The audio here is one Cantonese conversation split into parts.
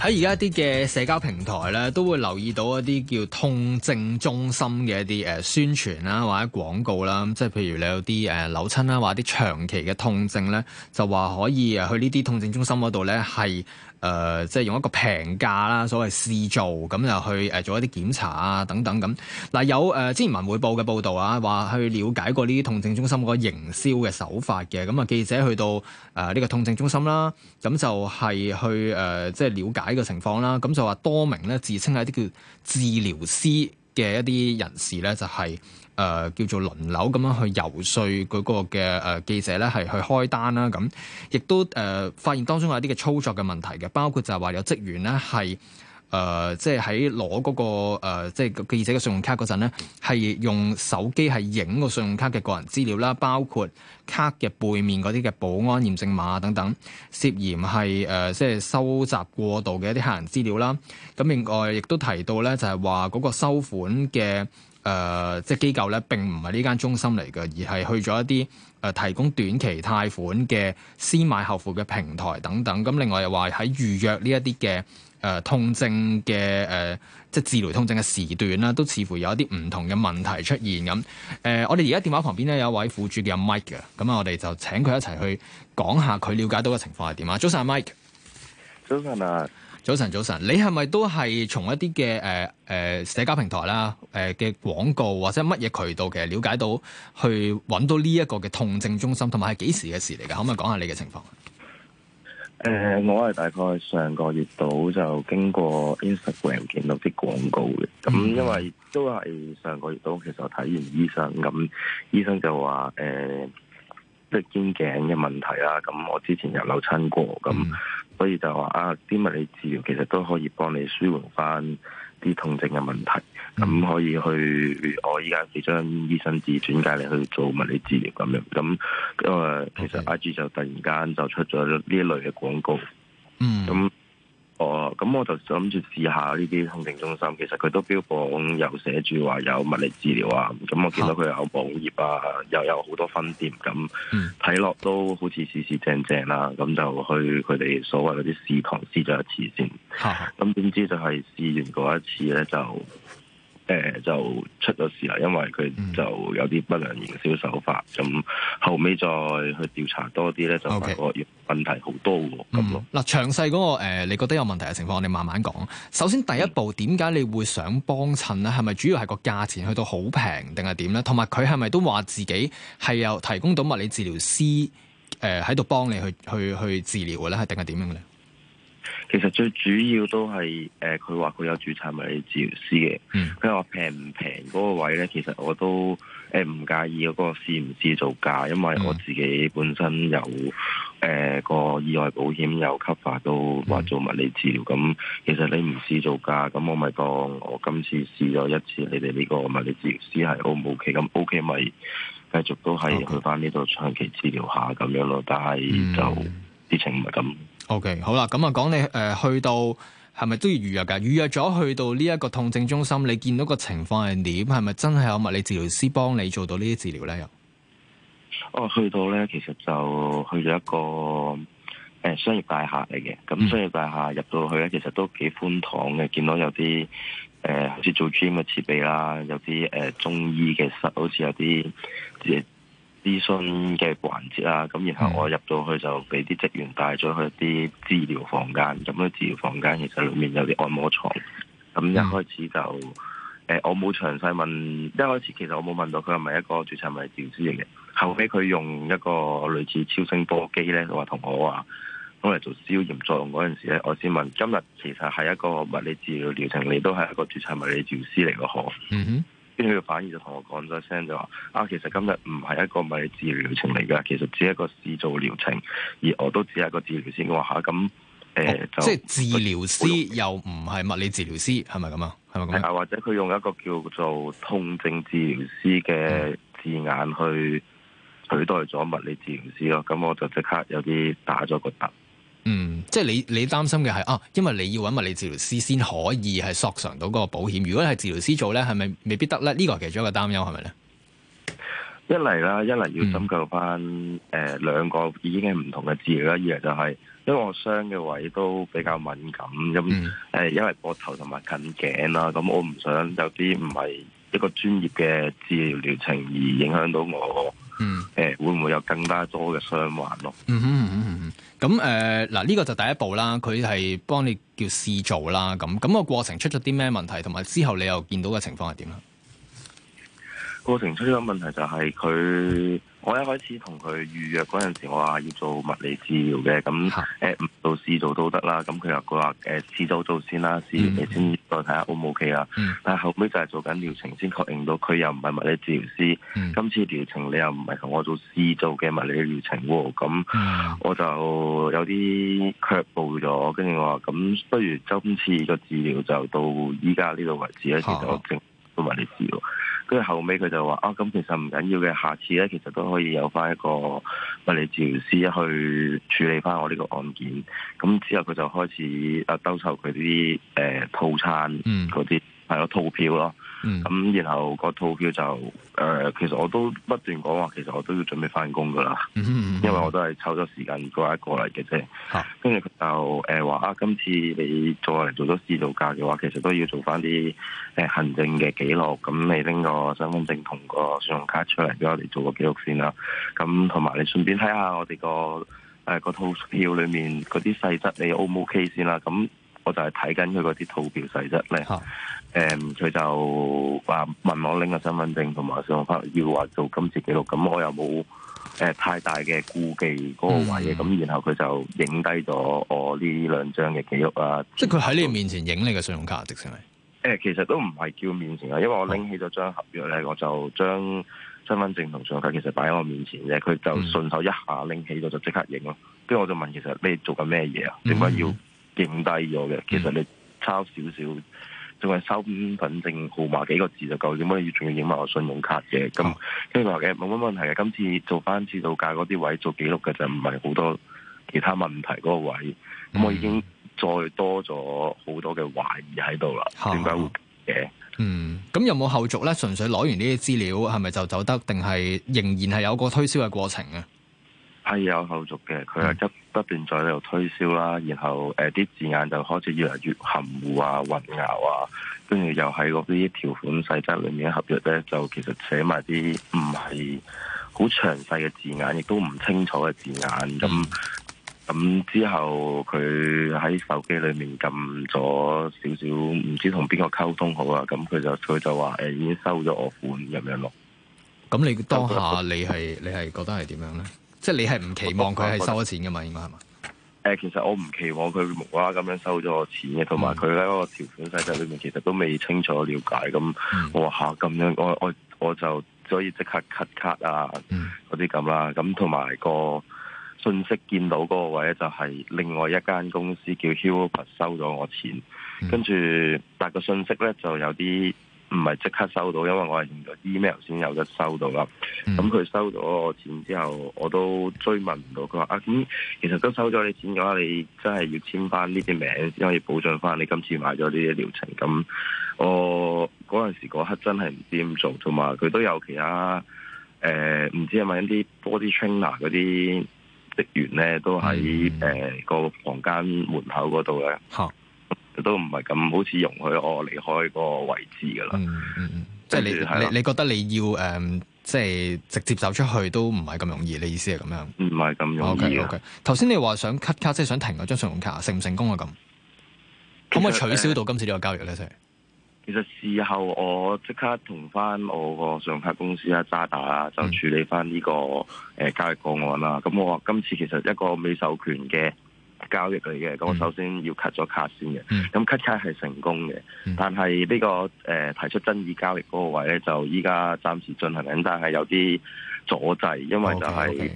喺而家啲嘅社交平台咧，都會留意到一啲叫痛症中心嘅一啲誒、呃、宣傳啦、啊，或者廣告啦、啊，即係譬如你有啲誒扭親啦、啊，或者啲長期嘅痛症咧，就話可以誒去呢啲痛症中心嗰度咧係。誒、呃，即係用一個平價啦，所謂試做咁就去誒做一啲檢查啊，等等咁。嗱，有、呃、誒之前文匯報嘅報導啊，話去了解過呢啲痛症中心個營銷嘅手法嘅，咁、嗯、啊記者去到誒呢、呃這個痛症中心啦，咁、啊、就係去誒即係了解個情況啦，咁、啊、就話多名咧自稱係一啲叫治療師嘅一啲人士咧，就係、是。誒、呃、叫做輪流咁樣去游說嗰個嘅誒、呃、記者咧，係去開單啦。咁亦都誒、呃、發現當中有一啲嘅操作嘅問題嘅，包括就係話有職員咧係誒即係喺攞嗰個即係、呃即係、記者嘅信用卡嗰陣咧，係用手機係影個信用卡嘅個人資料啦，包括卡嘅背面嗰啲嘅保安驗證碼等等，涉嫌係誒即係收集過度嘅一啲客人資料啦。咁另外亦都提到咧，就係話嗰個收款嘅。誒、呃，即係機構咧，並唔係呢間中心嚟嘅，而係去咗一啲誒、呃、提供短期貸款嘅先買後付嘅平台等等。咁、嗯、另外又話喺預約呢一啲嘅誒痛症嘅誒、呃，即係治療痛症嘅時段啦，都似乎有一啲唔同嘅問題出現咁。誒、嗯呃，我哋而家電話旁邊咧有一位苦主阿 Mike 嘅，咁啊，我哋就請佢一齊去講下佢了解到嘅情況係點啊。早晨，Mike。早晨啊！早晨，早晨，你係咪都係從一啲嘅誒誒社交平台啦，誒嘅廣告或者乜嘢渠道嘅了解到去揾到呢一個嘅痛症中心，同埋係幾時嘅事嚟㗎？可唔可以講下你嘅情況？誒、呃，我係大概上個月度就經過 Instagram 見到啲廣告嘅，咁因為都係上個月度其實我睇完醫生，咁醫生就話誒。呃即係肩頸嘅問題啦，咁我之前有扭親過，咁所以就話啊，啲物理治療其實都可以幫你舒緩翻啲痛症嘅問題，咁可以去我依家幾張醫生紙轉介你去做物理治療咁樣，咁因為，其實 I G 就突然間就出咗呢一類嘅廣告，嗯，咁、嗯。嗯嗯咁我就諗住試下呢啲康定中心，其實佢都標榜有寫住話有物理治療啊，咁我見到佢有網頁啊，又有好多分店，咁睇落都好似四四正正啦，啊，咁就去佢哋所謂嗰啲試堂試咗一次先，咁點知就係試完嗰一次呢，就。誒、呃、就出咗事啦，因為佢就有啲不良營銷手法，咁、嗯、後尾再去調查多啲咧，就發覺問題好多喎，咁咯、嗯。嗱，詳細嗰、那個、呃、你覺得有問題嘅情況，我哋慢慢講。首先第一步，點解你會想幫襯咧？係咪主要係個價錢去到好平定係點咧？同埋佢係咪都話自己係有提供到物理治療師誒喺度幫你去去去治療嘅咧，定係點樣咧？其實最主要都係，誒、呃，佢話佢有注冊物理治療師嘅，佢話平唔平嗰個位咧，其實我都誒唔介意，嗰個試唔試做價，因為我自己本身有誒、呃、個意外保險有給發到話做物理治療，咁、嗯、其實你唔試做價，咁我咪講我今次試咗一次你哋呢個物理治療師係 O 唔 OK，咁 OK 咪繼續都係去翻呢度長期治療下咁樣咯，但係就啲情唔係咁。嗯嗯 O、K，好啦，咁啊，講你誒，去到係咪都要預約噶？預約咗去到呢一個痛症中心，你見到個情況係點？係咪真係有物理治療師幫你做到呢啲治療咧？又、哦，我去到咧，其實就去咗一個誒、呃、商業大廈嚟嘅。咁商業大廈入到去咧，其實都幾寬敞嘅。見到有啲誒，好似做 Gym 嘅設備啦，有啲誒、呃、中醫嘅室，好似有啲諮詢嘅環節啦，咁然後我入到去就俾啲職員帶咗去啲治療房間，咁咧治療房間其實裏面有啲按摩床。咁一開始就誒、嗯呃、我冇詳細問，一開始其實我冇問到佢係咪一個註冊物理治療師嚟嘅，後尾佢用一個類似超聲波機咧，就話同我話，咁嚟做消炎作用嗰陣時咧，我先問，今日其實係一個物理治療療程，你都係一個註冊物理治療師嚟嘅可？嗯哼。佢反而就同我講咗聲就話啊，其實今日唔係一個物理治療療程嚟㗎，其實只係一個試做療程，而我都只係一個治療師。我話嚇，咁誒，即係、呃哦、就治療師又唔係物理治療師，係咪咁啊？係咪咁啊？或者佢用一個叫做痛症治療師嘅字眼去取代咗物理治療師咯？咁我就即刻有啲打咗個突。嗯，即係你你擔心嘅係啊，因為你要揾埋你治療師先可以係索償到嗰個保險。如果你係治療師做咧，係咪未必得咧？呢個係其中一個擔憂，係咪咧？是是呢一嚟啦，一嚟要針灸翻誒兩個已經係唔同嘅治療啦。二嚟就係因為我傷嘅位都比較敏感，咁誒、嗯、因為膊頭同埋近頸啦、啊，咁我唔想有啲唔係一個專業嘅治療療程而影響到我。嗯，誒會唔會有更加多嘅傷患咯、嗯？嗯哼嗯嗯，咁誒嗱呢個就第一步啦，佢係幫你叫試做啦，咁咁、個過程出咗啲咩問題，同埋之後你又見到嘅情況係點啦？過程出咗問題就係佢。我一開始同佢預約嗰陣時，我話要做物理治療嘅，咁誒、啊欸、做試做、欸、都得啦。咁佢又佢話誒試做做先啦，試完你、嗯、先再睇下 O 唔 O K 啊。嗯、但係後尾就係做緊療程，先確認到佢又唔係物理治療師。嗯、今次療程你又唔係同我做試做嘅物理療程，咁、嗯、我就有啲卻步咗。跟住我話咁不如今次個治療就到依家呢個位置，其實我整，做物理治療。啊跟住後尾，佢就話：啊，咁其實唔緊要嘅，下次咧其實都可以有翻一個物理治療師去處理翻我呢個案件。咁之後佢就開始啊兜售佢啲誒套餐，嗰啲係咯套票咯。咁、嗯、然後個套票就誒、呃，其實我都不斷講話，其實我都要準備翻工噶啦，嗯嗯嗯、因為我都係抽咗時間過一過嚟嘅啫。跟住、啊、就誒話、呃、啊，今次你再嚟做咗試做價嘅話，其實都要做翻啲誒行政嘅記錄。咁你拎個身份證同個信用卡出嚟俾我哋做個記錄先啦。咁同埋你順便睇下我哋、呃那個誒、那個套票裏面嗰啲細則你 O 唔 OK 先啦。咁。我就係睇緊佢嗰啲套票細則咧，誒哈，佢、嗯、就話問我拎個身份證同埋信用卡要話做今次記錄，咁我又冇誒太大嘅顧忌嗰個位，咁、嗯、然後佢就影低咗我呢兩張嘅記錄啊。嗯、即係佢喺你面前影你嘅信用卡，直情係誒，其實都唔係叫面前啊，因為我拎起咗張合約咧，我就將身份證同信用卡其實擺喺我面前嘅。佢就順手一下拎起咗就即刻影咯，跟住、嗯、我就問其實你做緊咩嘢啊？點解要？要要要影低咗嘅，嗯、其實你抄少少，仲係收身份證號碼幾個字就夠，點解要仲要影埋我信用卡嘅？咁，即係話嘅冇乜問題嘅。今次做翻次導價嗰啲位做記錄嘅就唔係好多其他問題嗰個位，咁、嗯、我已經再多咗好多嘅懷疑喺度啦。點解、哦、會嘅、嗯？嗯，咁有冇後續咧？純粹攞完呢啲資料，係咪就走得？定係仍然係有個推銷嘅過程啊？係有後續嘅，佢係執。嗯不斷在喺度推銷啦，然後誒啲、呃、字眼就開始越嚟越含糊啊、混淆啊，跟住又喺嗰啲條款細則裏面合約咧，就其實寫埋啲唔係好詳細嘅字眼，亦都唔清楚嘅字眼。咁咁、嗯、之後佢喺手機裏面撳咗少少，唔知同邊個溝通好啦。咁佢就佢就話誒、呃、已經收咗我款咁樣咯。咁你當下你係 你係覺得係點樣咧？即係你係唔期望佢係收咗錢噶嘛？應該係嘛？誒，其實我唔期望佢無啦啦咁樣收咗我錢嘅，同埋佢喺個條款細則裏面其實都未清楚了解。咁我話吓咁、嗯啊、樣，我我我就所以即刻 cut 卡啊嗰啲咁啦。咁同埋個信息見到嗰個位咧，就係另外一間公司叫 Hub i 收咗我錢，跟住、嗯、但個信息咧就有啲。唔係即刻收到，因為我係用咗 email 先有得收到啦。咁佢，嗯、收咗我錢之後，我都追問唔到佢話啊，其實都收咗你錢嘅話，你真係要簽翻呢啲名先可以保障翻你今次買咗呢啲療程。咁我嗰陣時嗰刻真係唔知點做，同埋佢都有其他誒、唔、呃、知係咪一啲 body trainer 嗰啲職員咧，都喺誒個房間門口嗰度咧。嗯都唔係咁，好似容許我離開個位置噶啦。嗯嗯嗯，即係你你後你覺得你要誒，um, 即係直接走出去都唔係咁容易。你意思係咁樣？唔係咁容易。OK，OK。頭先你話想 cut 卡，即係想停嗰張信用卡，成唔成功啊？咁實可唔可以取消到今次呢個交易咧？其實事後我即刻同翻我個信用卡公司啊，渣打啊，就處理翻呢個誒交易個案啦。咁、嗯、我話今次其實一個未授權嘅。交易嚟嘅，咁我首先要 cut 咗卡先嘅。咁 cut 卡係成功嘅，嗯、但係呢、呢個誒、呃、提出爭議交易嗰個位咧，就依家暫時進行緊，但係有啲阻滯，因為就係、是、Okay, okay.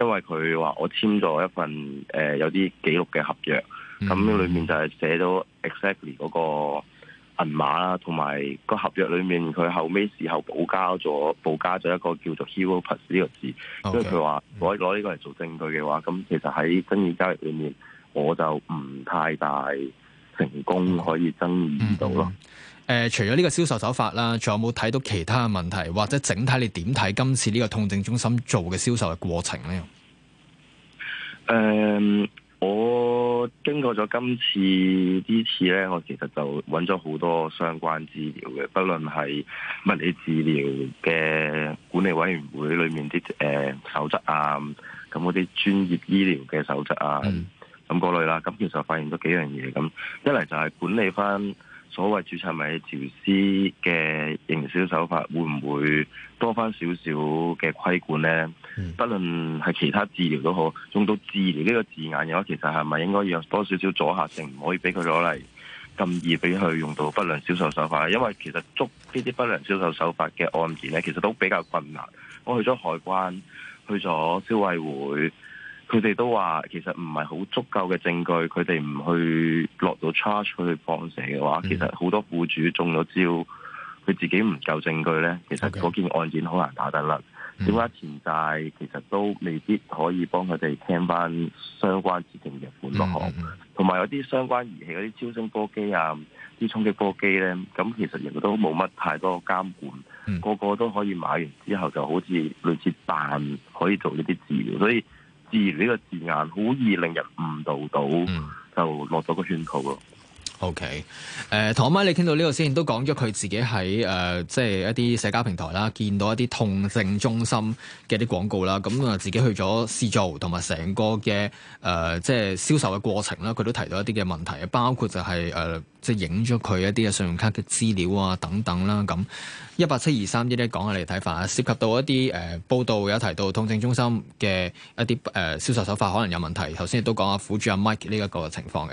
因為佢話我簽咗一份誒、呃、有啲記錄嘅合約，咁裏、嗯、面就係寫咗 exactly 嗰個銀碼啦，同埋個合約裏面佢後尾時候補加咗補加咗一個叫做 Hero Plus 呢個字，okay, 嗯、因為以佢話我攞呢個嚟做證據嘅話，咁其實喺爭議交易裏面，面。我就唔太大成功可以爭議到咯。誒、嗯嗯呃，除咗呢個銷售手法啦，仲有冇睇到其他問題或者整體？你點睇今次呢個痛症中心做嘅銷售嘅過程咧？誒、嗯，我經過咗今，今次呢次咧，我其實就揾咗好多相關資料嘅，不論係物理治療嘅管理委員會裏面啲誒、呃、守則啊，咁嗰啲專業醫療嘅守則啊。嗯咁嗰類啦，咁其實發現咗幾樣嘢，咁一嚟就係管理翻所謂註冊咪調師嘅營銷手法，會唔會多翻少少嘅規管呢？Mm. 不論係其他治療都好，用到治療呢個字眼嘅話，其實係咪應該有多少少阻嚇性，唔可以俾佢攞嚟咁易俾佢用到不良銷售手法？因為其實捉呢啲不良銷售手法嘅案件呢，其實都比較困難。我去咗海關，去咗消委會。佢哋都話，其實唔係好足夠嘅證據，佢哋唔去落到 charge 去放蛇嘅話，其實好多苦主中咗招，佢自己唔夠證據呢。其實嗰件案件好難打得甩，點解錢債其實都未必可以幫佢哋聽翻相關指定嘅款項，同埋 有啲相關儀器，嗰啲超聲波機啊，啲衝擊波機呢，咁其實亦都冇乜太多監管， 個個都可以買完之後就好似類似扮可以做呢啲治療，所以。自然呢個字眼好易令人誤導到，就落咗個圈套喎。O K，誒，唐媽、okay, uh, 你聽到呢度先，都講咗佢自己喺，誒、uh, 即係一啲社交平台啦，見到一啲痛症中心嘅啲廣告啦，咁、嗯、啊，自己去咗試做，同埋成個嘅誒、uh, 即係銷售嘅過程啦，佢都提到一啲嘅問題，包括就係、是、誒、uh, 即係影咗佢一啲嘅信用卡嘅資料啊，等等啦，咁一八七二三一咧講下你睇法啊，涉及到一啲誒、uh, 報道有提到痛症中心嘅一啲誒銷售手法可能有問題，頭先亦都講阿苦主阿 Mike 呢一個情況嘅。